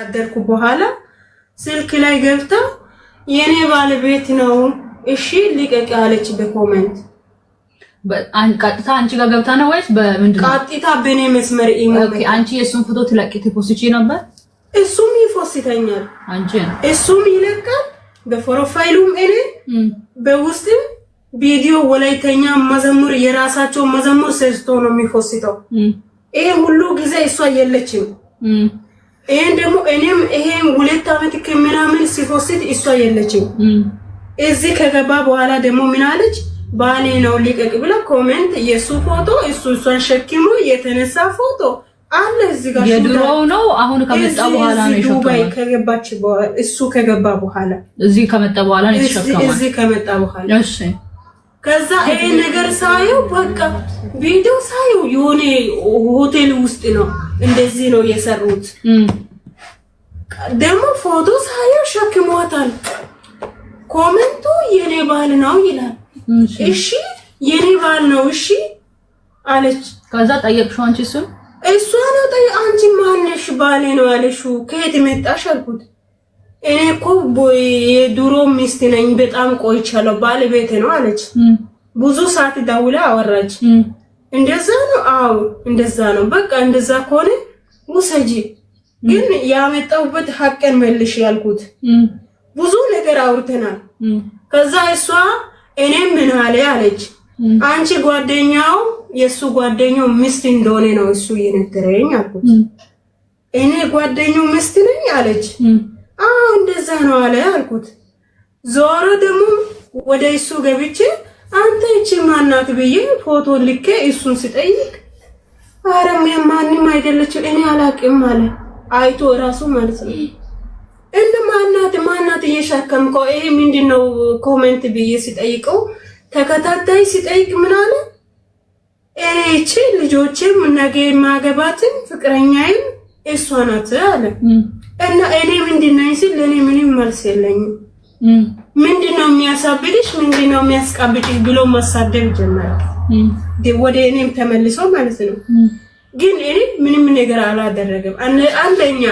አደርኩ በኋላ ስልክ ላይ ገብታ የኔ ባለቤት ነው እሺ ልቀቅ አለች በኮመንት ቀጥታ አንቺ ጋር ገብታ ነው ወይስ በምንድን ነው ቀጥታ በኔ መስመር ኦኬ። አንቺ የእሱን ፎቶ ትለቂት ትፖስቺ ነበር እሱም ይፎስተኛል አንቺ እሱም ይለቃል በፕሮፋይሉም እኔ በውስጥም ቪዲዮ ወላይተኛ መዘሙር የራሳቸው መዘሙር ሰርቶ ነው የሚፎስተው ይሄ ሁሉ ጊዜ እሷ የለችም ይሄን ደግሞ እኔም ይሄን ሁለት ዓመት ከምናምን ሲፎስት እሷ የለችም። እዚህ ከገባ በኋላ ደግሞ ምን አለች? ባሌ ነው ሊቀቅ ብለ ኮሜንት የሱ ፎቶ እሱ እሷን ሸክሞ የተነሳ ፎቶ አለ እዚህ ጋር የድሮው ነው። አሁን ከመጣ በኋላ ነው የሸከመው። ዱባይ ከገባች እሱ ከገባ በኋላ እዚህ ከመጣ በኋላ ነው የተሸከመው። እዚህ ከመጣ በኋላ እሺ ከዛ ይሄ ነገር ሳየው በቃ ቪዲዮ ሳየው የሆነ ሆቴል ውስጥ ነው እንደዚህ ነው የሰሩት። ደግሞ ፎቶ ሳየው ሸክሟታል። ኮመንቱ የኔ ባል ነው ይላል። እሺ የኔ ባል ነው እሺ አለች። ከዛ ጠየቅሽው አንቺ እሱን እሷ ነው ጠየ አንቺ ማነሽ? ባሌ ነው አለሽው። ከየት መጣሽ አልኩት። እኔ እኮ የድሮ ሚስት ነኝ፣ በጣም ቆይቻለሁ፣ ባለቤት ነው አለች። ብዙ ሰዓት ደውላ አወራች። እንደዛ ነው አዎ፣ እንደዛ ነው በቃ እንደዛ ከሆነ ውሰጂ፣ ግን ያመጣሁበት ሀቅን መልሽ ያልኩት። ብዙ ነገር አውርተናል። ከዛ እሷ እኔ ምን አለ አለች፣ አንቺ ጓደኛው የእሱ ጓደኛው ሚስት እንደሆነ ነው እሱ እየነገረኝ አልኩት። እኔ ጓደኛው ሚስት ነኝ አለች። እንደዛ ነው አለ አልኩት። ዞሮ ደግሞ ወደ እሱ ገብቼ አንተ እቺ ማናት ብዬ ፎቶ ልኬ እሱን ሲጠይቅ አረም ማንም አይደለችም እኔ አላቅም አለ። አይቶ ራሱ ማለት ነው እንደ ማናት ማናት እየሻከምከው ይሄ ምንድነው ኮሜንት ብዬ ሲጠይቀው ተከታታይ ሲጠይቅ ምን አለ እቺ ልጆችም ነገ ማገባትን ፍቅረኛዬን እሷ ናት አለ። እና እኔ ምንድን ነኝ ሲል ለኔ ምንም መልስ የለኝም። ምንድነው የሚያሳብድሽ? ምንድነው የሚያስቃብድሽ ብሎ ማሳደብ ጀመረ፣ ወደ እኔም ተመልሶ ማለት ነው። ግን እኔ ምንም ነገር አላደረገም። አንደኛ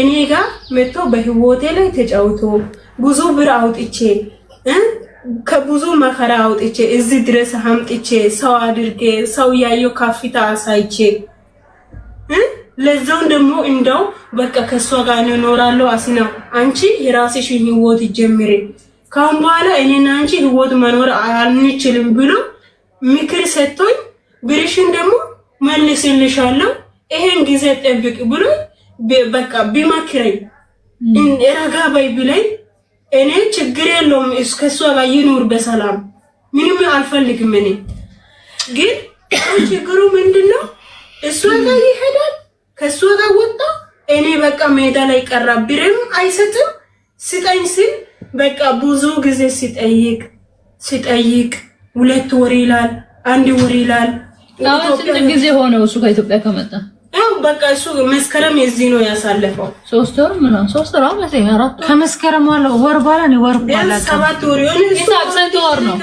እኔ ጋር መጥቶ በህይወቴ ላይ ተጫውቶ ብዙ ብር አውጥቼ ከብዙ መከራ አውጥቼ እዚህ ድረስ አምጥቼ ሰው አድርጌ ሰው ያየው ከፍታ አሳይቼ ለዛውን ደግሞ እንደው በቃ ከእሷ ጋር እንኖራለሁ አስናው አንቺ የራስሽን ህይወት ጀምሪ፣ ካሁን በኋላ እኔና አንቺ ህይወት መኖር አንችልም ብሎ ምክር ሰጥቶኝ ብርሽን ደግሞ መልስልሻለሁ ይሄን ጊዜ ጠብቅ ብሎ በቃ ቢመክረኝ ረጋ በይ ብለኝ እኔ ችግር የለውም እስከሷ ጋር ይኑር በሰላም ምንም አልፈልግም። እኔ ግን ችግሩ ምንድን ነው? እሷ ጋር ይሄዳል ከሱ ጋር ወጣ። እኔ በቃ ሜዳ ላይ ቀራ። ብርም አይሰጥም ስጠኝ ሲል በቃ ብዙ ጊዜ ሲጠይቅ ሲጠይቅ ሁለት ወር ይላል፣ አንድ ወር ይላል። ስንት ጊዜ ሆነው እሱ ከኢትዮጵያ ከመጣ? ያው በቃ እሱ መስከረም የዚህ ነው ያሳለፈው። ሶስት ወር ምናምን ሶስት ወር አመት አራት ወር ከመስከረም ዋለ ወር ባላ ነው ወር ባላ ሰባት ወር ወር ነው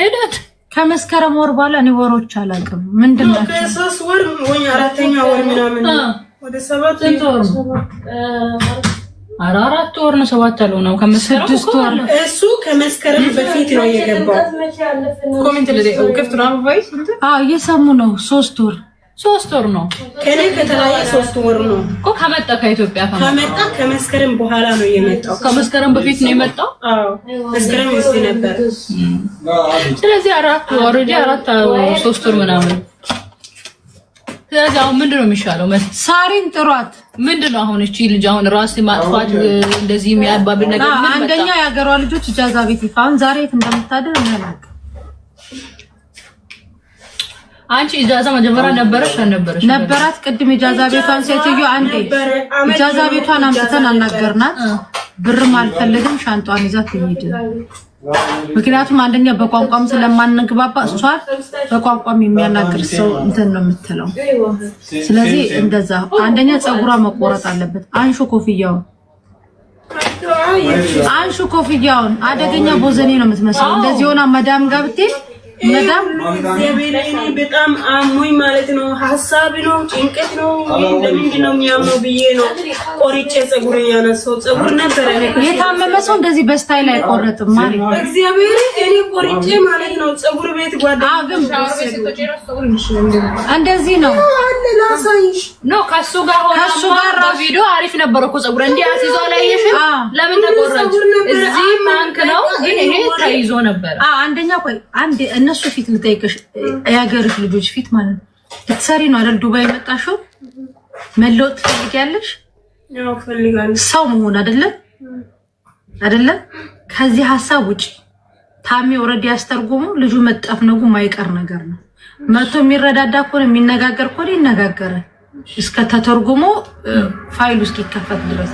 ሄደት ከመስከረም ወር በኋላ እኔ ወሮች አላውቅም። ምንድን ነው ከሶስት ወር ወይ አራተኛ ወር ምናምን ወደ ሰባት ወር አራ አራት ወር ነው ሰባት ያለው ነው ከመስከረም ወር እሱ ከመስከረም በፊት ነው የገባው። ኮሜንት ለዚህ ክፍት ነው። አዎ እየሰሙ ነው ሶስት ወር ሶስት ወር ነው ከኔ ከተለያየ ሶስት ወር ነው እኮ ከመጣ ከኢትዮጵያ ከመጣ ከመስከረም በኋላ ነው የመጣው። ከመስከረም በፊት ነው የመጣው። አዎ መስከረም ውስጥ ነበር። ስለዚህ አራት ወር ኦልሬዲ አራት ሶስት ወር ምናምን። ስለዚህ አሁን ምንድን ነው የሚሻለው? ሳሪን ጥሯት። ምንድን ነው አሁን እቺ ልጅ አሁን ራስ ማጥፋት እንደዚህ የሚያባብ ነገር አንደኛ የሀገሯ ልጆች እጃዛ ቤት ይፋን ዛሬ እንደምታደር እናላቅ አንቺ ኢጃዛ መጀመሪያ ነበረሽ አልነበረሽ? ነበራት። ቅድም ኢጃዛ ቤቷን ሴትዮ አንዴ ኢጃዛ ቤቷን አምጥተን አናገርናት። ብርም አልፈልግም ሻንጧን ይዛት ትሄድ። ምክንያቱም አንደኛ በቋንቋም ስለማንግባባ እሷ በቋንቋም የሚያናግር ሰው እንትን ነው የምትለው። ስለዚህ እንደዛ አንደኛ ፀጉሯ መቆረጥ አለበት። አንሹ ኮፍያውን አንሹ ኮፍያውን። አደገኛ ቦዘኔ ነው የምትመስለው። እንደዚህ ሆና መዳም ጋር ብትሄድ በጣም አሞኝ ማለት ነው። ሀሳብ ነው፣ ጭንቀት ነው። ለምንድን ነው የሚያምነው ብዬ ነው ቆርጬ ፀጉር ያነሳው። ፀጉር ነበረ የታመመ ሰው እንደዚህ በስታይል አይቆረጥም ማለት ነው። እግዚአብሔር እኔ ቆርጬ ማለት ነው ፀጉር ቤት ጓደኛ እንደዚህ ነው። ከሱ ጋር ሆነ ቪዲዮ አሪፍ ነበር እኮ ፀጉር እንዲህ አስይዞ አላየሽም? ለምን ተቆረጥ? እዚህ ማንክ ነው ግን ይሄ ተይዞ ነበር። አንደኛ ቆይ አንድ እነሱ ፊት ልጠይቅሽ፣ የሀገርሽ ልጆች ፊት ማለት ነው። ልትሰሪ ነው አይደል? ዱባይ መጣሽው መለወጥ ትፈልጊያለሽ። ሰው መሆን አይደለም አይደለም። ከዚህ ሀሳብ ውጭ ታሜ ወረድ ያስተርጉሙ ልጁ መጣፍ ነጉ ማይቀር ነገር ነው። መቶ የሚረዳዳ እኮ የሚነጋገር እኮ ይነጋገራል ይነጋገረ እስከ ተተርጉሞ ፋይል ውስጥ ይከፈት ድረስ።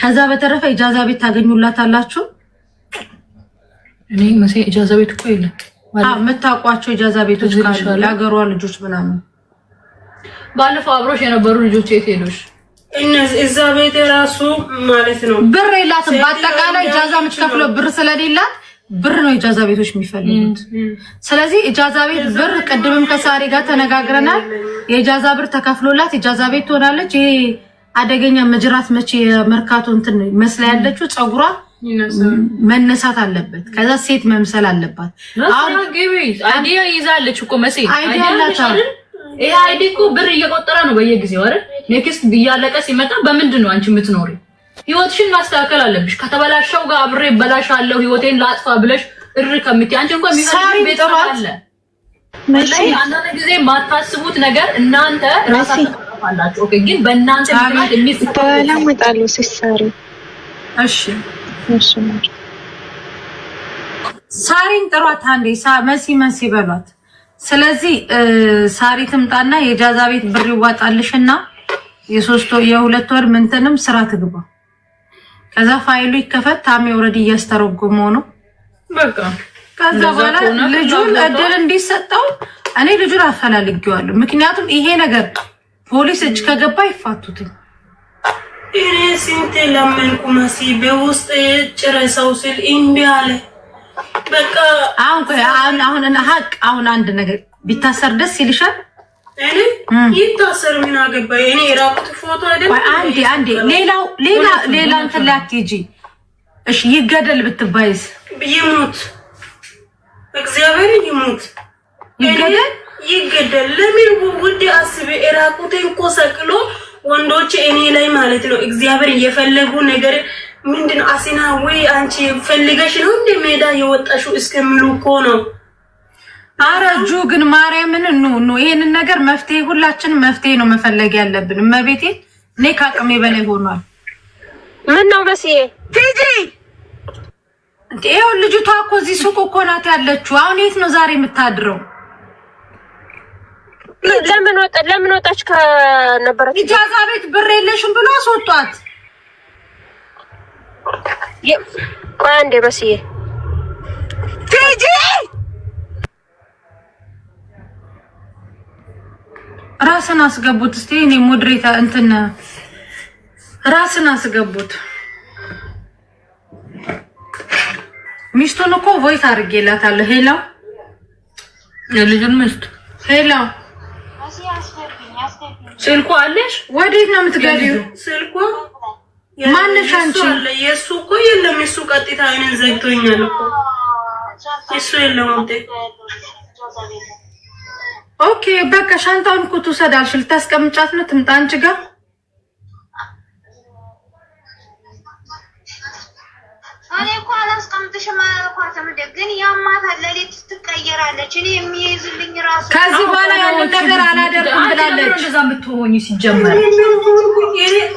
ከዛ በተረፈ ኢጃዛ ቤት ታገኙላታላችሁ። እኔ መቼ ኢጃዛ ቤት እኮ የለም የምታውቋቸው ጃዛ ቤቶች ካሉ ለሀገሯ ልጆች ምናምን ባለፈው አብሮሽ የነበሩ ልጆች የት ሄዶሽ? እዛ ቤት የራሱ ማለት ነው ብር የላትም። በአጠቃላይ ጃዛ የምትከፍለው ብር ስለሌላት ብር ነው የጃዛ ቤቶች የሚፈልጉት። ስለዚህ የጃዛ ቤት ብር ቅድምም ከሳሪ ጋር ተነጋግረናል። የጃዛ ብር ተከፍሎላት የጃዛ ቤት ትሆናለች። ይሄ አደገኛ መጅራት መቼ የመርካቶ እንትን መስላ ያለችው ፀጉሯ መነሳት አለበት። ከዛ ሴት መምሰል አለበት። አይዲያ ይዛለች እኮ መሲ አይዲያ አላት። ይሄ አይዲ እኮ ብር እየቆጠረ ነው በየጊዜው አይደል? ኔክስት እያለቀ ሲመጣ በምንድን ነው አንቺ የምትኖሪ? ህይወትሽን ማስተካከል አለብሽ። ከተበላሸው ጋር አብሬ እበላሻለሁ ህይወቴን ላጥፋ ብለሽ እር ከምትይ አንቺ እንኳን የሚፈልግ ቤት አለ። አንዳንድ ጊዜ የማታስቡት ነገር እናንተ ራሳችሁ አላችሁ። ኦኬ፣ ግን በእናንተ ምክንያት የሚስተካከል እሺ ሳሪን ጥሯት አንዴ መሲ መሲ በሏት። ስለዚህ ሳሪ ትምጣና የጃዛ ቤት ብር ይዋጣልሽና የሶስት የሁለት ወር ምንትንም ስራ ትግባ። ከዛ ፋይሉ ይከፈት። ታሜ ወረድ እያስተረጎመው ነው። በቃ ከዛ በኋላ ልጁን እድል እንዲሰጠው እኔ ልጁን አፈላልጌዋለሁ። ምክንያቱም ይሄ ነገር ፖሊስ እጅ ከገባ አይፋቱትም። እኔ ስንት ለመንኩ መሲ በውስጥ ጭረሰው ስል እምቢ አለ። በቃ አሁን አሁን ሀቅ አሁን አንድ ነገር ቢታሰር ደስ ይልሻል? እኔ ይታሰር ምን አገባ? እኔ የራቁት ፎቶ አይደለም። አንዴ አንዴ ሌላው ሌላ ሌላ እንትን ላይ አትሄጂ እሺ። ይገደል ብትባይስ? ይሙት፣ እግዚአብሔር ይሙት፣ ይገደል፣ ይገደል። ለምን ውድ አስቤ የራቁቴን እኮ ሰቅሎ ወንዶች እኔ ላይ ማለት ነው እግዚአብሔር እየፈለጉ ነገር ምንድን አሲና ወይ አንቺ ፈልገሽ ነው እንደ ሜዳ የወጣሽው እስከሚሉ እኮ ነው። አረጁ ግን ማርያምን ኑ ኑ ይሄንን ነገር መፍትሄ ሁላችንም መፍትሄ ነው መፈለግ ያለብን። እመቤቴ እኔ ከአቅሜ በላይ ሆኗል። ምን ነው በስዬ ቲጂ ይኸው ልጅቷ እኮ እዚህ ሱቅ እኮ ናት ያለችው። አሁን የት ነው ዛሬ የምታድረው? ለምን ወጣ ለምን ወጣች ከነበረች ኢጃዛ ቤት ብር የለሽም ብሎ አስወጧት። ቆይ አንዴ መስዬ ቲጂ ራስን አስገቡት እስቲ እኔ ሞድሬታ እንትን ራስን አስገቡት። ሚስቱን እኮ ቮይስ አድርጌላታለሁ። ሄላ የልጁን ሚስቱ ሄላ ስልኩ አለሽ? ወዴት ነው የምትገቢው? ስልኩ ማነሽ አንቺ? የእሱ እኮ የለም። የእሱ ቀጥታ አይነን ዘግቶኛል እኮ እሱ የለም። ኦኬ በቃ ሻንጣውን እኮ ትውሰድ አልሽ። ልታስቀምጫት ነው ትምጣ አንቺ ጋር አልወድሽም አላልኳትም። ግን ትቀየራለች። እኔ የሚይዝልኝ ራሱ ከዚህ በኋላ ያንን ነገር አላደርግም ብላለች። እዛ የምትሆኝ ሲጀመር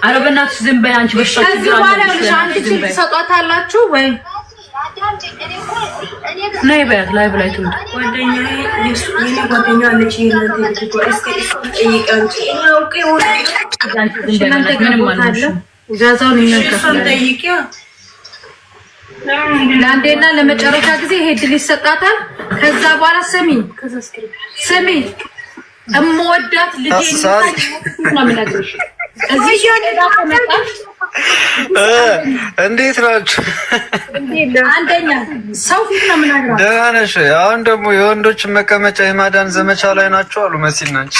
ኧረ በእናትሽ ዝም በይ አንቺ። በሽታ ከዚህ በኋላ ትሰጧታላችሁ ወይ ነይ በያት። ላይ ብላይ ትውልድ ጓደኛ ጓደኛ አለች ምንም ማለት ነው። ለአንዴና ለመጨረሻ ጊዜ ይሄ ድል ይሰጣታል። ከዛ በኋላ ስሚ ስሚ፣ እምወዳት ልጄ ነው የምነግርሽ እዚህ እንዴት ናችሁ? አንደኛ ሰው ፊት ነው የምናግረው። ደህና ነሽ? አሁን ደግሞ የወንዶች መቀመጫ የማዳን ዘመቻ ላይ ናቸው አሉ መሲል ናቸው።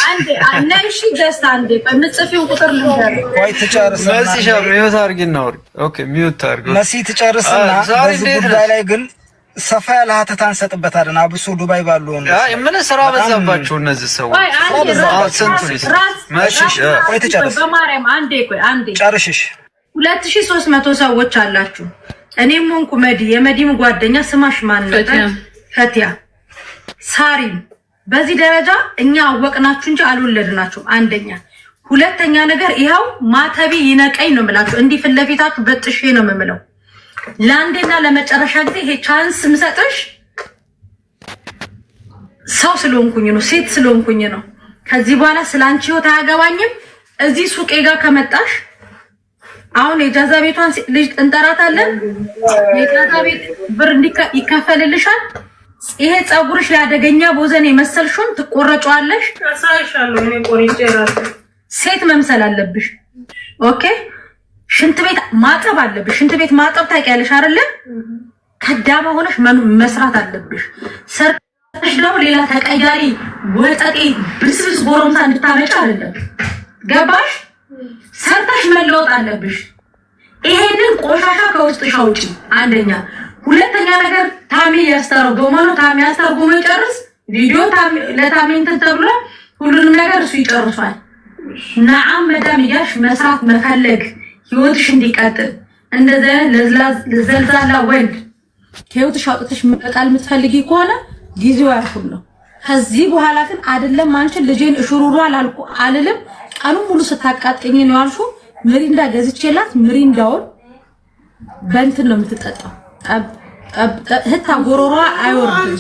ሚዩት አድርጊና ኦኬ፣ ሚዩት አድርጊ መሲ ትጨርስና በዚህ ጉዳይ ላይ ግን ሰፋ ያለ ሀተታ እንሰጥበታለን። አብሶ ዱባይ ባሉ ምን ስራ በዛባቸው እነዚህ ሰዎች። ቆይ ጨርሽሽ ሁለት ሺ ሶስት መቶ ሰዎች አላችሁ። እኔም ሆንኩ መዲ የመዲም ጓደኛ ስማሽ ማንነት ፈቲያ ሳሪም በዚህ ደረጃ እኛ አወቅናችሁ እንጂ አልወለድናችሁም። አንደኛ ሁለተኛ ነገር ይኸው ማተቢ ይነቀኝ ነው የምላችሁ። እንዲህ ፊት ለፊታችሁ በጥሼ ነው የምምለው። ለአንዴና ለመጨረሻ ጊዜ ይሄ ቻንስ ምሰጥሽ ሰው ስለሆንኩኝ ነው፣ ሴት ስለሆንኩኝ ነው። ከዚህ በኋላ ስለ አንቺ ህይወት አያገባኝም። እዚህ ሱቄ ጋር ከመጣሽ አሁን የጃዛ ቤቷን ልጅ እንጠራታለን። የጃዛ ቤት ብር ይከፈልልሻል። ይሄ ፀጉርሽ ያደገኛ ቦዘን የመሰልሽውን ትቆረጫዋለሽ። ሴት መምሰል አለብሽ። ኦኬ ሽንት ቤት ማጠብ አለብሽ። ሽንት ቤት ማጠብ ታውቂያለሽ አይደለ? ከዳማ ሆነሽ መስራት አለብሽ። ሰርተሽ ነው ሌላ ተቀያሪ ወጠጤ ብስብስ ጎረምሳ እንድታመጭ አይደለም። ገባሽ? ሰርተሽ መለወጥ አለብሽ። ይሄንን ቆሻሻ ከውስጥ ሻውጪ። አንደኛ። ሁለተኛ ነገር ታሜ ያስተረጎመ ነው። ታሜ ያስተረጎመ ይጨርስ ቪዲዮ ለታሜ እንትን ተብሎ ሁሉንም ነገር እሱ ይጨርሷል። ነአም መዳም እያልሽ መስራት መፈለግ ህይወትሽ እንዲቀጥል እንደዚህ ለዘልዛላ ወንድ ከህይወትሽ አውጥተሽ መጣል የምትፈልጊ ከሆነ ጊዜው ያልኩት ነው። ከዚህ በኋላ ግን አይደለም አንቺን ልጄን እሽሩሩ አላልኩ አልልም ቀኑን ሙሉ ስታቃጥኝ ነው አልሹ። ምሪንዳ ገዝቼላት ምሪንዳውን በእንትን ነው የምትጠጣው። እህታ ጎሮሯ አይወርድም።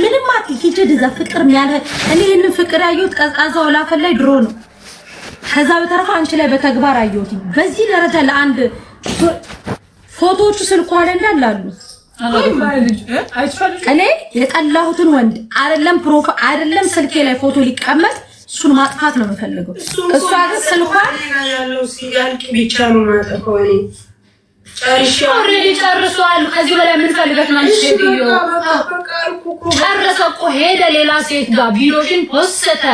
ምንም ሂጅ እዛ ፍቅር ያለ እኔ ይህንን ፍቅር ያየሁት ቀዝቃዛው ላፈን ላይ ድሮ ነው። ከዛ በተረፈ አንቺ ላይ በተግባር አየሁት። በዚህ ደረጃ ለአንድ ፎቶዎቹ ስልኳ ላይ እንዳለ እኔ የጠላሁትን ወንድ አይደለም ፕሮፋ አይደለም ስልኬ ላይ ፎቶ ሊቀመጥ እሱን ማጥፋት ነው የምፈልገው። እሷ ግን ስልኳን ጨርሷል። ከዚህ በላይ የምንፈልገት ማለት እኮ ሄደ ሌላ ሴት ጋር ቢሮሽን ወሰተ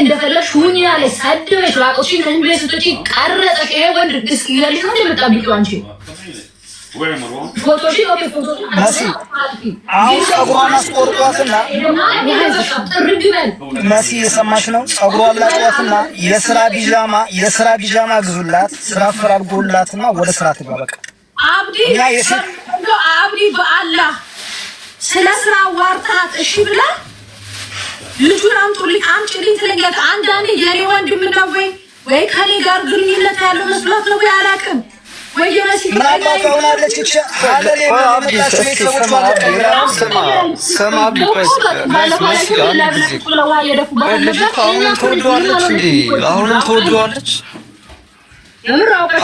እንደፈለግሽ ሁኚ አለች፣ ሰደበች። ራቆትሽን ከዚህ ብላይ ስትወጪ ቀረጠሽ። ይሄ ወንድ እስኪገልሽ ነው የምጠብቂው አንቺ አሁን ፀጉሯን አስቆርጧትና መሲ የሰማች ነው። ፀጉሯን ላጧትና የስራ ቢዣማ የስራ ቢዣማ ግዙላት፣ ስራ ፈላልጎላትና ወደ ስራ ትግባ። በቃ አብዲ በአላህ ስለ ስራ ዋርታት እሺ ብላ ልጁን አምጡልኝ አምጪልኝ ትለኛለህ። አንዳንዴ የኔ ወንድም ነው ወይ ወይ ከኔ ጋር ግንኙነት ያለው መስሏት ነው ወይ አላውቅም አሁንም ተወደዋለች።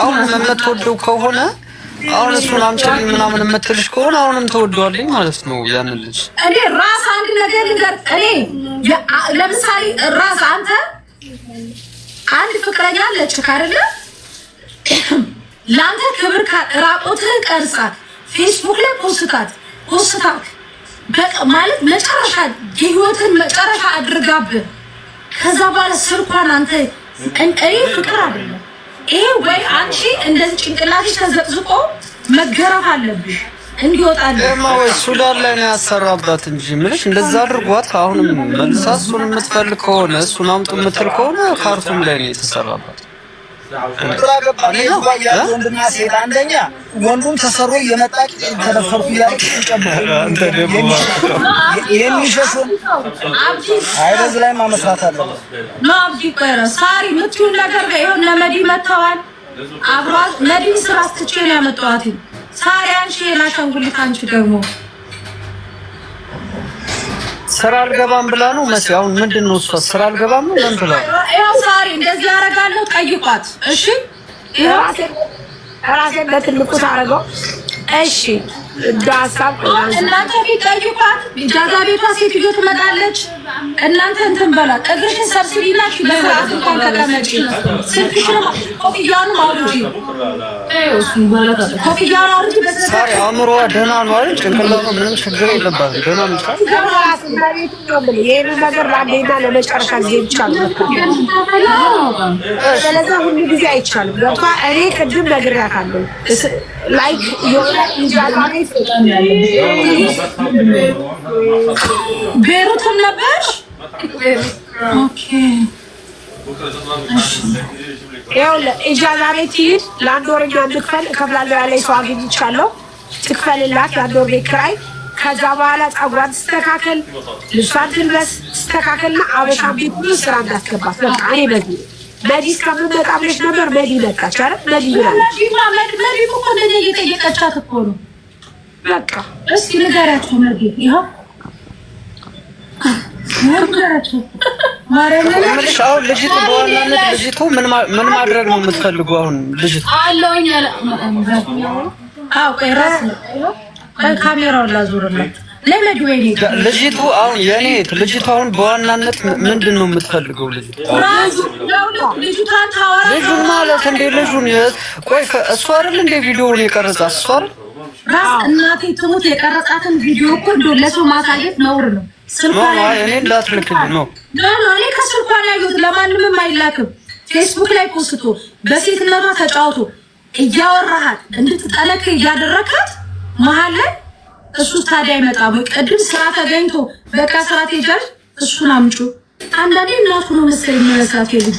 አሁን የምትወደው ከሆነ አሁን እሱን አምጪልኝ ምናምን የምትልሽ ከሆነ አሁንም ተወደዋለኝ ማለት ነው። ያንን ልጅ እኔ ራስ አንድ ነገር ልንገር። እኔ ለምሳሌ ራስ አንተ አንድ ፍቅረኛ አለችህ አይደለ? ለአንተ ክብር ራቆትህን ቀርጻት ፌስቡክ ላይ ፖስታት ፖስታክ በቃ ማለት መጨረሻ የህይወትን መጨረሻ አድርጋብህ ከዛ በኋላ ስልኳን አንተ እኔ ፍቅር አይደለም ይሄ ወይ አንቺ እንደዚህ ጭንቅላትሽ ተዘቅዝቆ መገረፍ አለብሽ እንዲወጣል ሱዳን ላይ ነው ያሰራባት እንጂ ምልሽ እንደዛ አድርጓት። አሁንም መልሳ እሱን የምትፈልግ ከሆነ እሱን አምጡ የምትል ከሆነ ካርቱም ላይ ነው የተሰራባት። ግራ አንደኛ ወንዱም ተሰሮ እየመጣ ተደፈርኩ እያለ ላይ ማመስራት አለ ሳሪ ምትሁን ነገር ጋር ይሁን ለመዲ መጥተዋል። አብሯት መዲ ስራ ስትቼ ነው ያመጣኋት። ሳሪ አንቺ የላሸንጉልት አንቺ ደግሞ ስራ አልገባም ብላ ነው መሲ። አሁን ምንድን ነው እሷ ስራ አልገባም ነው ምን ብላ ነው? ይኸው ዛሬ እንደዚህ አደርጋለሁ ጠይቋት። እሺ ራሴን በትልቁ ታደርገው። እሺ በሀሳብ እናንተ ቢጠይቋት ጃዛ ቤቷ ሴትዮ ትመጣለች። እናንተ እንትን በላ እግርሽን ሰብስቢና ኮፍያውን አውርጂ። አእምሮ ደህና ነው አይደል? ጭንቅላቷ ምንም ችግር የለባትም። ደህና ይህን ነገር ለአንዴና ለመጨረሻ ጊዜ ብቻ ነው። ሁሉ ጊዜ አይቻልም። እኔ ቅድም ነግሬያታለሁ። ላይክ ቤሩትም ነበርሽ? ኢጃዛ ቤት ይሂድ ለአንድ ወር እኛ እከፍላለሁ ያለኝ ሰው አግኝቻለሁ። ትክፈልላት የአንድ ወር ቤት ኪራይ። ከዛ በኋላ ፀጉሯን ትስተካከል፣ ልብሷን ትልበስ፣ ትስተካከልና አበሻ ቤት ሁሉ ስራ እንዳትገባት በቃ እኔ በዚ መዲ እስከምመጣ ብለሽ ነበር። መዲ መጣች አይደል? መዲ ብላለች። መዲ እኮ እንደኔ እየጠየቀቻት እኮ ነው በቃ እስኪ ንገራቸው መርጌ ይኸው ልጅቱ በዋናነት ልጅቱ ምን ማድረግ ነው የምትፈልጉ? አሁን ልጅቱ ካሜራውን ላዙርላችሁ። ልጅቱ አሁን የኔ ልጅቱ አሁን በዋናነት ምንድን ነው የምትፈልገው? ልጁን ማለት እንዴ ልጁን ቆይ እሷ አይደል እንዴ ቪዲዮውን የቀረጻ እሷ አይደል ራስ እናቴ ትሙት የቀረጻትን ቪዲዮ እኮ እንደው ለሰው ማሳየት ነውር ነው። እኔ ከስልኳ ላይ ያየሁት ለማንም አይላክም። ፌስቡክ ላይ ፖስቶ በሴትነቷ ተጫውቶ እያወራሃት እንድትጠለቅ እያደረካት መሀል ላይ እሱ ታዲያ አይመጣም። ቅድም ስራ ተገኝቶ በቃ ስራ ትሄጃለሽ እሱን አምጩ። አንዳንዴ እናቱ ነው መሰለኝ የሚመስላት የልጁ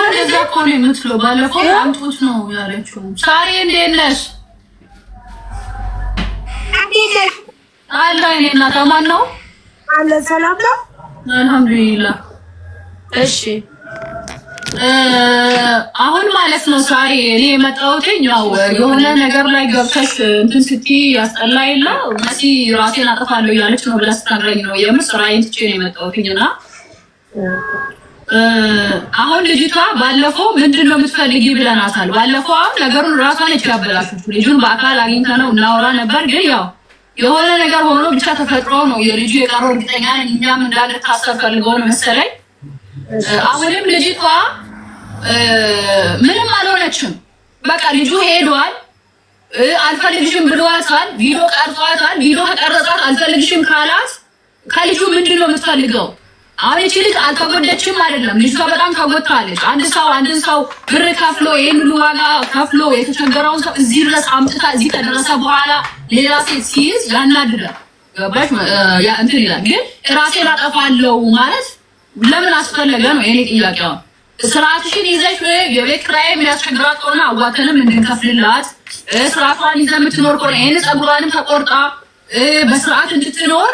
እንደዛ እኮ ነው የምትለው። ባለፈው አምጡት ነው ያለችው። ሳሪ እንዴት ነሽ? አለ እኔ እናቷ ማን ነው አለ። ሰላም ነው አልሐምዱሊላህ። እሺ አሁን ማለት ነው ሳሪ እኔ የመጣሁትኝ ያው የሆነ ነገር ላይ ገብተሽ እንትን ስትይ ያስጠላ የለ መሲ ራሴን አጠፋለሁ እያለች ነው ብላ ስታረኝ ነው የምር ትቼ ነው የመጣሁትኝ እና አሁን ልጅቷ ባለፈው ምንድን ነው የምትፈልጊ ብለናታል። ባለፈው አሁን ነገሩን ራሷ ነች ያበላሸችው። ልጁን በአካል አግኝተ ነው እናወራ ነበር፣ ግን ያው የሆነ ነገር ሆኖ ብቻ ተፈጥሮ ነው የልጁ የቀረው። እርግጠኛ ነኝ እኛም እንዳንታሰር ፈልገው ነው መሰለኝ። አሁንም ልጅቷ ምንም አልሆነችም። በቃ ልጁ ሄዷል። አልፈልግሽም ብሏታል። ቪዲዮ ቀርጿታል። ቪዲዮ ከቀረጻት አልፈልግሽም ካላት ከልጁ ምንድን ነው የምትፈልገው? አሁን እቺ ልጅ አልተጎዳችም አይደለም። ልጅቷ በጣም ተጎድታለች። አንድ ሰው አንድን ሰው ብር ከፍሎ ይህን ሁሉ ዋጋ ከፍሎ የተቸገረውን ሰው እዚህ ድረስ አምጥታ እዚህ ከደረሰ በኋላ ሌላ ሴት ሲይዝ ያናድዳል። ገባሽ? እንትን ይላል። ግን ራሴን አጠፋለሁ ማለት ለምን አስፈለገ ነው የኔ ጥያቄ። አሁን ስርዓትሽን ይዘሽ የቤት ኪራይ የሚያስቸግራት ከሆነ አዋተንም እንድንከፍልላት ስርዓቷን ይዘ የምትኖር ከሆነ ይህን ፀጉሯንም ተቆርጣ በስርዓት እንድትኖር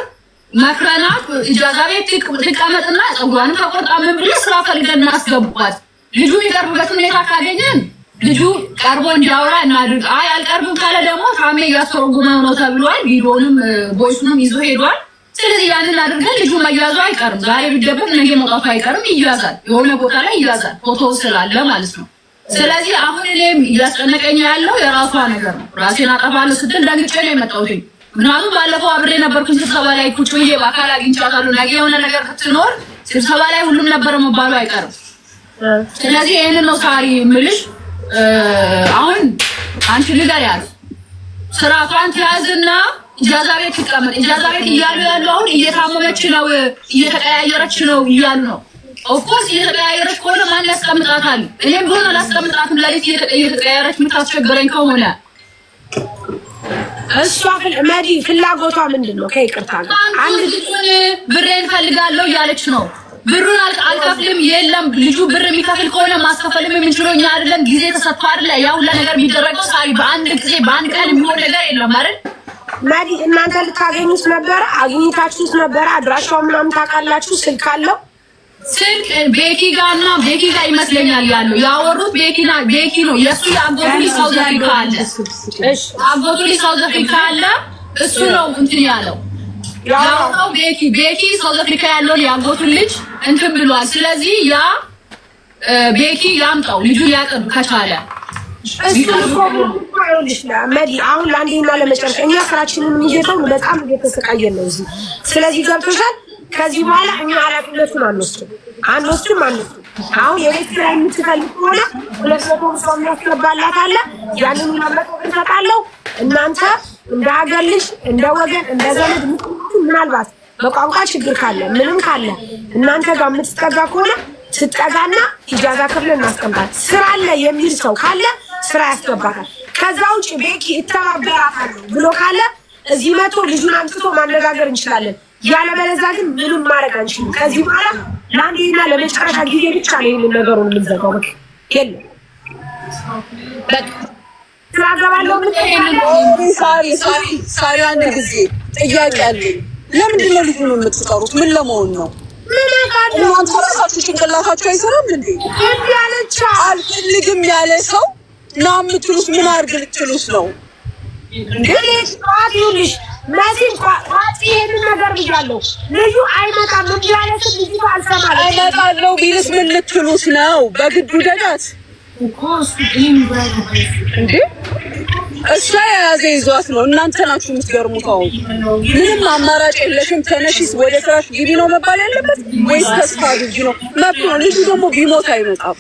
መክረናት እጃዛ ቤት ትቀመጥና ጸጉሯንም ተቆርጣ ምን ብሎ ስራ ፈልገን እናስገቧት። ልጁ የሚቀርብበት ሁኔታ ካገኘን ልጁ ቀርቦ እንዲያወራ እናድርግ። አይ አልቀርብም ካለ ደግሞ ታሜ እያስተረጉመው ነው ተብሏል። ቪዲዮንም ቦይሱንም ይዞ ሄዷል። ስለዚህ ያንን አድርገን ልጁ መያዙ አይቀርም። ዛሬ ቢደበቅ ነገ መውጣቱ አይቀርም። ይያዛል፣ የሆነ ቦታ ላይ ይያዛል። ፎቶ ስላለ ማለት ነው። ስለዚህ አሁን እኔም እያስጨነቀኝ ያለው የራሷ ነገር ነው። ራሴን አጠፋለሁ ስትል ደንግጬ ነው የመጣሁት። ምክንያቱም ባለፈው አብሬ ነበርኩኝ ስብሰባ ላይ ቁጭ ብዬ በአካል አግኝቻታለሁ። ነገ የሆነ ነገር ስትኖር ስብሰባ ላይ ሁሉም ነበር መባሉ አይቀርም። ስለዚህ ይህንን ነው ሳሪ የምልሽ። አሁን አንቺ ልደር ያዝ ስራቷን ትያዝና ኢጃዛ ቤት ትቀመጥ። ኢጃዛ ቤት እያሉ ያሉ አሁን እየታመመች ነው እየተቀያየረች ነው እያሉ ነው። ኦፍኮርስ እየተቀያየረች ከሆነ ማን ያስቀምጣታል? እኔም ቢሆን አላስቀምጣትም። ለሊት እየተቀያየረች የምታስቸግረኝ ከሆነ እሷ መዲ ፍላጎቷ ምንድን ነው? ከይቅርታ ጋር አንድ ብሬን ፈልጋለሁ እያለች ነው። ብሩን አልከፍልም የለም ልጁ ብር የሚከፍል ከሆነ ማስከፈልም የምንችለው እኛ አይደለም። ጊዜ ተሰጥቶ አይደለ ያ ሁላ ነገር የሚደረገው ሳይ በአንድ ጊዜ በአንድ ቀን የሚሆን ነገር የለም አይደል? መዲ እናንተ ልታገኙት ነበረ፣ አግኝታችሁት ነበረ። አድራሻው ምናምን ታውቃላችሁ፣ ስልክ አለው ስልክ ቤኪ ጋር እና ቤኪ ጋር ይመስለኛል ያለው ያወሩት ቤኪ ና ቤኪ ነው ሳውዝ አፍሪካ አለ። ሳውዝ አፍሪካ አለ። እሱ ነው እንትን ያለው ያወራው ቤኪ ቤኪ ሳውዝ አፍሪካ ያለውን የአጎቱን ልጅ እንትን ብሏል። ስለዚህ ያ ቤኪ ያምጣው ልጁ ሊያቀርብ ከቻለ መዲ አሁን ለአንዴና ለመጨረሻ እኛ ስራችንን የሚሄደው በጣም እየተሰቃየን ነው እዚህ ስለዚህ ገብቶሻል ከዚህ በኋላ እኛ ኃላፊነቱን አንወስድም አንወስድም አንወስድም። አሁን የቤት ስራ የምትፈልግ ከሆነ ሁለት መቶ የሚያስገባላት አለ። ያንን መመጠ ሰጣለው። እናንተ እንደ ሀገር ልጅ እንደ ወገን እንደ ዘመድ ምናልባት በቋንቋ ችግር ካለ ምንም ካለ እናንተ ጋር የምትጠጋ ከሆነ ስጠጋና ኢጃዛ ክፍል እናስቀምጣል። ስራ አለ የሚል ሰው ካለ ስራ ያስገባታል። ከዛ ውጭ ቤኪ እተባበራታለሁ ብሎ ካለ እዚህ መቶ ልጁን አምጥቶ ማነጋገር እንችላለን። ያለበለዚያ ግን ምንም ማድረግ አንችልም። ከዚህ በኋላ ለአንዴና ለመጨረሻ ጊዜ ብቻ ነው ይህንን ነገሩን የምንዘጋው። በቃ የለም ሳሪ አንድ ጊዜ ጥያቄ አለኝ። ለምንድን ነው ልጁን የምትቀሩት? ምን ለመሆን ነው? እናንተ ራሳችሁ ጭንቅላታችሁ አይሰራም እንዴ? አልፈልግም ያለ ሰው ና የምትሉት ምን አድርግ ልትሉት ነው? መሲ እንኳን አጥፊ ነገር ብያለሁ። ልዩ አይመጣም እንዲያለስ ልጅቷ አልሰማለች። እመጣለሁ ቢልስ ምን ልትሉት ነው? በግዱ ደጋት እሷ የያዘ ይዟት ነው። እናንተ ናችሁ የምትገርሙት። አሁን ምንም አማራጭ የለሽም። ተነሺስ ወደ ስራሽ ግቢ ነው መባል ያለበት ወይስ ተስፋ አድርጊ ነው መብት ነው። ልጁ ደግሞ ቢሞት አይመጣም።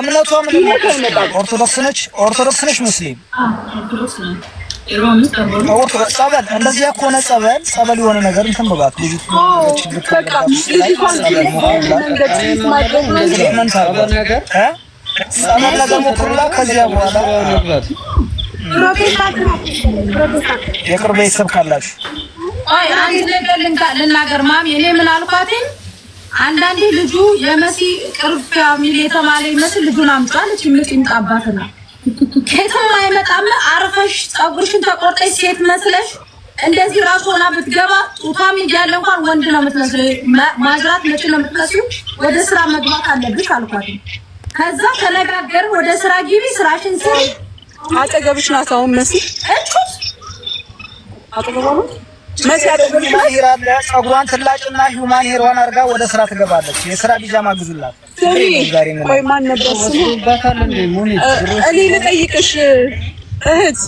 እምነቷ ምን አይመጣም። ኦርቶዶክስ ነች፣ ኦርቶዶክስ ነች፣ ሙስሊም ጸበል እንደዚያ ከሆነ ጸበል ጸበል የሆነ ነገር እንትን ብሏት ጸበል ነገር ከዚያ በኋላ የቅርብ ቤተሰብ ካላችሁ ልናገር። ማሚ እኔ ምን አልኳትኝ? አንዳንዴ ልጁ የመሲ ቅርብ ፋሚሊ የተባለ ይመስል ልጁን አምጣ ምጥ ይምጣባት ነው ከየትም አይመጣም። አርፈሽ ፀጉርሽን ተቆርጠሽ ሴት መስለሽ እንደዚህ ራሱ ሆና ብትገባ ጡታም እያለ እንኳን ወንድ ነው የምትመስለው። ማዝራት መቼ ነው የምትመስለው? ወደ ስራ መግባት አለብሽ አልኳት። ከዛ ተነጋገር ወደ ስራ ግቢ፣ ስራሽን ስሪ። አጠገብሽ ናት አሁን መሲ። እቹስ አጠገቧ ነው መሲ። አጠገብሽ ናት። ፀጉሯን ትላጭና ሂውማን ሄር አድርጋ ወደ ስራ ትገባለች። የስራ ቢጃማ ግዙላት ማን ነበር ስሙ? እኔ ልጠይቅሽ እህት፣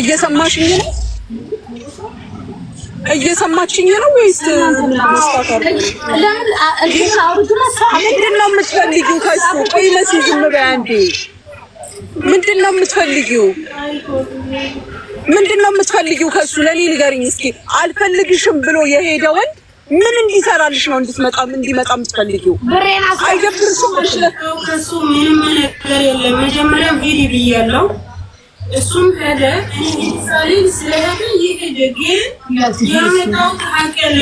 እየሰማሽኝ ነው? እየሰማችኝ ነው ወይስ ምንድን ነው የምትፈልጊው? ከሱ ቆይ መሲ ዝም በይ አንዴ። ምንድን ነው የምትፈልጊው? ምንድን ነው የምትፈልጊው ከሱ ለእኔ ንገሪኝ እስኪ። አልፈልግሽም ብሎ የሄደ ወንድ ምን እንዲሰራልሽ ነው እንድትመጣ እንዲመጣ የምትፈልጊው? አይደብርሽም? እሺ ከሱ ምንም ነገር የለም። መጀመሪያ ቪዲ ብያለሁ። እሱም ሄደ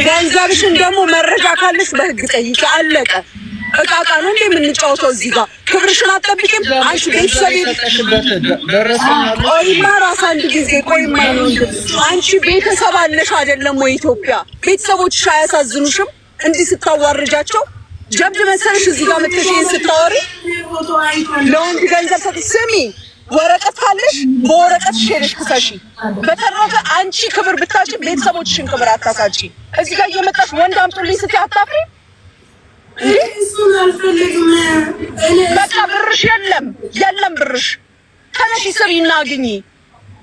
ገንዘብሽን ደግሞ መረጃ ካለሽ በህግ ጠይቂ። አለቀ። እቃ ነው እንዴ የምንጫወተው እዚህ ጋር? ክብርሽን አትጠብቂም አንቺ ቤተሰብ። ቆይማ ራስ አንድ ጊዜ ቆይማ ነው አንቺ ቤተሰብ አለሽ አይደለም ወይ? ኢትዮጵያ ቤተሰቦችሽ አያሳዝኑሽም? እንዲህ ስታዋርጃቸው ጀብድ መሰለሽ? እዚህ ጋር መጥተሽ ስታወሪ ለወንድ ገንዘብ ሰጥ ስሚ ወረቀት ካለሽ በወረቀት ሄደሽ ክሰሺ። በተረፈ አንቺ ክብር ብታጭ ቤተሰቦችሽን ክብር አታሳጪ። እዚህ ጋር እየመጣሽ ወንድ አምጡልኝ ስትይ አታፍሪ በቃ ብርሽ የለም የለም፣ ብርሽ ተነሽ ስሪና አግኚ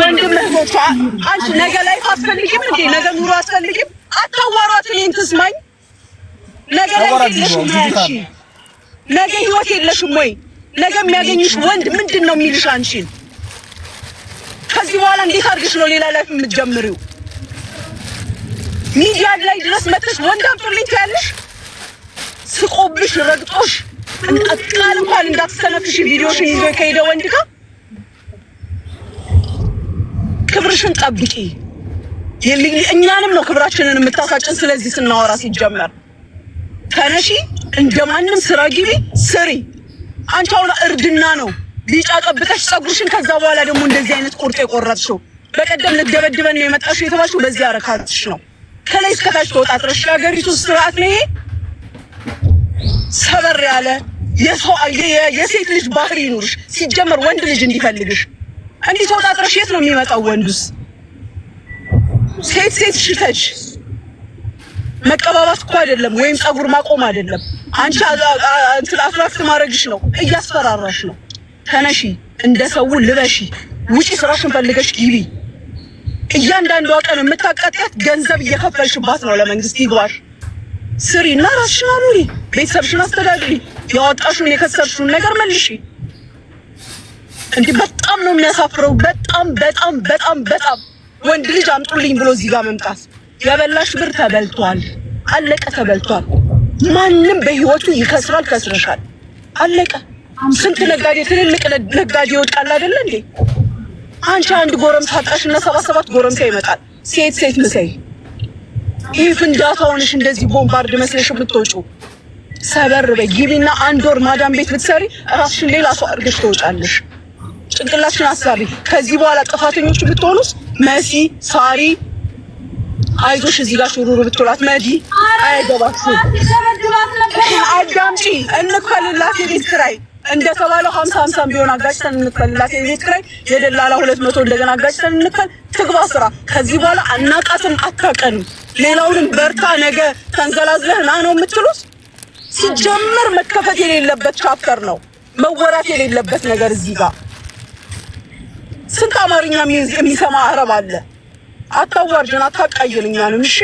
ወንድም አንቺ ነገ ላይፍ አትፈልጊም እንዴ? ነገ ኑሮ አትፈልጊም? አታዋሯት። እኔን ትስማኝ። ነገ ላይ የለሽም አንቺ፣ ነገ ህይወት የለሽም ወይ? ነገ የሚያገኝሽ ወንድ ምንድን ነው የሚልሽ አንቺን? ከዚህ በኋላ እንዴት አድርግሽ ነው ሌላ ላይፍ የምትጀምሪው? ሚዲያ ላይ ድረስ መጥተሽ ወንድ አምጡልኝ ትያለሽ። ስቆብሽ፣ ረግጦሽ ቃል እንኳን እንዳትሰነፍሽ ቪዲዮሽን ይዞ ከሄደ ወንድ ጋር ክብርሽን ጠብቂ። እኛንም ነው ክብራችንን የምታሳጭን። ስለዚህ ስናወራ ሲጀመር ተነሺ፣ እንደማንም ስራ ግቢ፣ ስሪ። አንቺ አሁን እርድና ነው ቢጫ ቀብተሽ ፀጉርሽን። ከዛ በኋላ ደግሞ እንደዚህ አይነት ቁርጥ የቆረጥሽው በቀደም ልደበድበን ነው የመጣሽው የተባልሽው በዚህ አረካትሽ ነው። ከላይ እስከታች ተወጣጥረሽ የሀገሪቱ ስርዓት ነው ይሄ። ሰበር ያለ የሰው የሴት ልጅ ባህሪ ይኑርሽ። ሲጀመር ወንድ ልጅ እንዲፈልግሽ እንዲህ ተወጣጥረሽ የት ነው የሚመጣው? ወንዱስ ሴት ሴት ሽተሽ መቀባባት እኮ አይደለም፣ ወይም ፀጉር ማቆም አይደለም። አንቺ እንትን አፍራፍት ማድረግሽ ነው፣ እያስፈራራሽ ነው። ተነሺ፣ እንደ ሰው ልበሺ፣ ውጪ፣ ስራሽን ፈልገሽ ግቢ። እያንዳንዷ ቀን የምታቃጥያት ገንዘብ እየከፈልሽባት ነው። ለመንግስት ይግባሽ፣ ስሪ እና ራስሽን አኑሪ፣ ቤተሰብሽን አስተዳድሪ፣ ያወጣሽውን የከሰርሽውን ነገር መልሽ። እንዴ በጣም ነው የሚያሳፍረው። በጣም በጣም በጣም በጣም ወንድ ልጅ አምጡልኝ ብሎ እዚህ ጋር መምጣት የበላሽ ብር ተበልቷል፣ አለቀ፣ ተበልቷል። ማንም በህይወቱ ይከስራል፣ ከስረሻል፣ አለቀ። ስንት ነጋዴ፣ ትልልቅ ነጋዴ ይወድቃል አይደለ እንዴ? አንቺ አንድ ጎረምሳ አጣሽ እና ሰባት ሰባት ጎረምሳ ይመጣል። ሴት ሴት ምሰይ። ይህ ፍንዳታ ሆነሽ እንደዚህ ቦምባርድ መስለሽ የምትወጪው ሰበር በይ። ግቢና አንድ ወር ማዳም ቤት ብትሰሪ ራስሽን ሌላ ሰው አድርገሽ ትወጫለሽ። ጭንቅላችን አሳቢ ከዚህ በኋላ ጥፋተኞች ብትሆኑስ መሲ ሳሪ አይዞሽ እዚህ ጋር ሹሩሩ ብትሏት መዲ አይገባችሁ። አዳምጪ እንክፈልላት የቤት ኪራይ እንደተባለው ሀምሳ ሀምሳ ቢሆን አጋጭተን እንክፈልላት የቤት ኪራይ የደላላ ሁለት መቶ እንደገና አጋጭተን እንክፈል ትግባ ስራ። ከዚህ በኋላ አናቃትን አታቀን ሌላውንም በርታ ነገ ተንዘላዝለህ ነው የምትሉስ? ሲጀምር መከፈት የሌለበት ቻፕተር ነው መወራት የሌለበት ነገር እዚህ ጋር ስንት አማርኛ የሚሰማ አረብ አለ። አታዋርጅን፣ አታቃይልኛ ነው እሺ።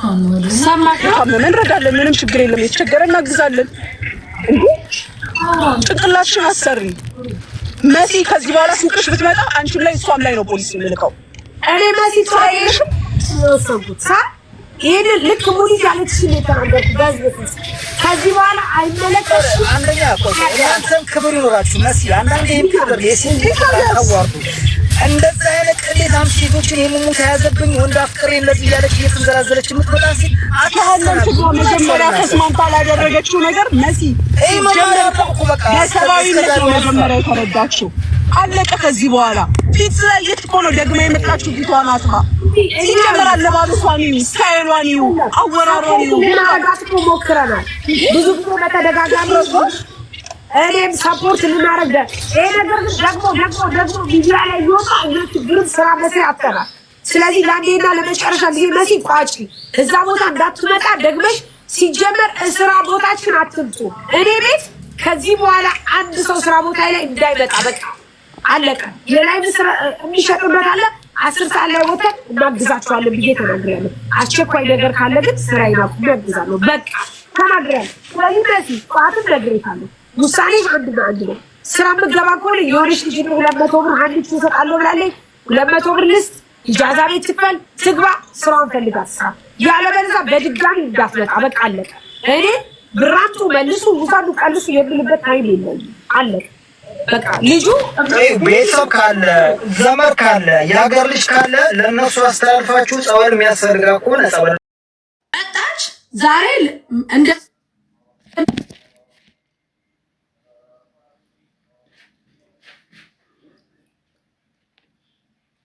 ታመመ እንረዳለን፣ ምንም ችግር የለም። የተቸገረ እናግዛለን። ጭንቅላትሽን አሰሪ መሲ። ከዚህ በኋላ ሱቅሽ ብትመጣ አንቺን ላይ እሷም ላይ ነው ፖሊስ የሚልቀው። እኔ መሲ ይሄን ልክ ሙኒት ያለችሽን የተናገርኩት በህዝብ ፊት ከዚህ በኋላ አይመለከትሽም። አንደኛ እናንተም ክብር ይኖራችሁ መሲ አንዳንድ ይህም ክብር የሴት አዋርዱ እንደዛ አይነት ቅሌታም ሴቶችን የሙሙ ተያዘብኝ ወንድ አፍቅሬ እንደዚህ እያለች እየተንዘላዘለች የምትመጣ ሴት አታለች። መጀመሪያ ተስማምታ ላደረገችው ነገር መሲ በሰብአዊነት ነው መጀመሪያ የተረዳችው። አለቀ። ከዚህ በኋላ ፊት ስላየት እኮ ነው ደግማ የመጣችሁ ፊቷን አጥባ ሲጀመር አለባበሷን እዩ፣ ስታይሏን እዩ፣ አወራሯን እዩ። ልናረጋት እኮ ሞክረናል ብዙ ጊዜ በተደጋጋሚ እኔም ሰፖርት ልናረግ ይሄ ነገር ደግሞ ደግሞ ደግሞ ሚዲያ ላይ እየወጣ ችግርም ስራ መሴ አተናል። ስለዚህ ለአንዴና ለመጨረሻ ጊዜ መሲ ቋጭ፣ እዛ ቦታ እንዳትመጣ ደግመሽ። ሲጀመር ስራ ቦታችን አትምጡ እኔ ቤት ከዚህ በኋላ አንድ ሰው ስራ ቦታ ላይ እንዳይመጣ በቃ አለቀ። የላይ የሚሸጥበት አለ አስር ሰዓት ላይ ወጥተህ እናግዛቸዋለን ብዬ ተናግሬያለሁ። አስቸኳይ ነገር ካለ ግን ስራ ይናቁ እናግዛለሁ። በቃ ተናግሬያለሁ። ስለዚህ በዚህ ጠዋትም ነግሬታለሁ። ውሳኔ አንድ ነው ነው። ስራ የምገባ ከሆነ የሆነች ልጅ ነው ሁለት መቶ ብር አንድ ልጅ እሰጣለሁ ብላለች። ሁለት መቶ ብር ልስጥ ኢጃዛ ቤት ትክፈል ትግባ፣ ስራውን ፈልጋት ስራ ያለበለዛ በድጋሚ እንዳትመጣ። በቃ አለቀ። እኔ ብራቱ መልሱ ውሳዱ ቀልሱ የምልበት ታይም የለኝም። አለቀ ልጁ ቤተሰብ ካለ ዘመድ ካለ የሀገር ልጅ ካለ ለእነሱ አስተላልፋችሁ ጸበል የሚያስፈልጋ ከሆነ ጸበል መጣች ዛሬ እንደ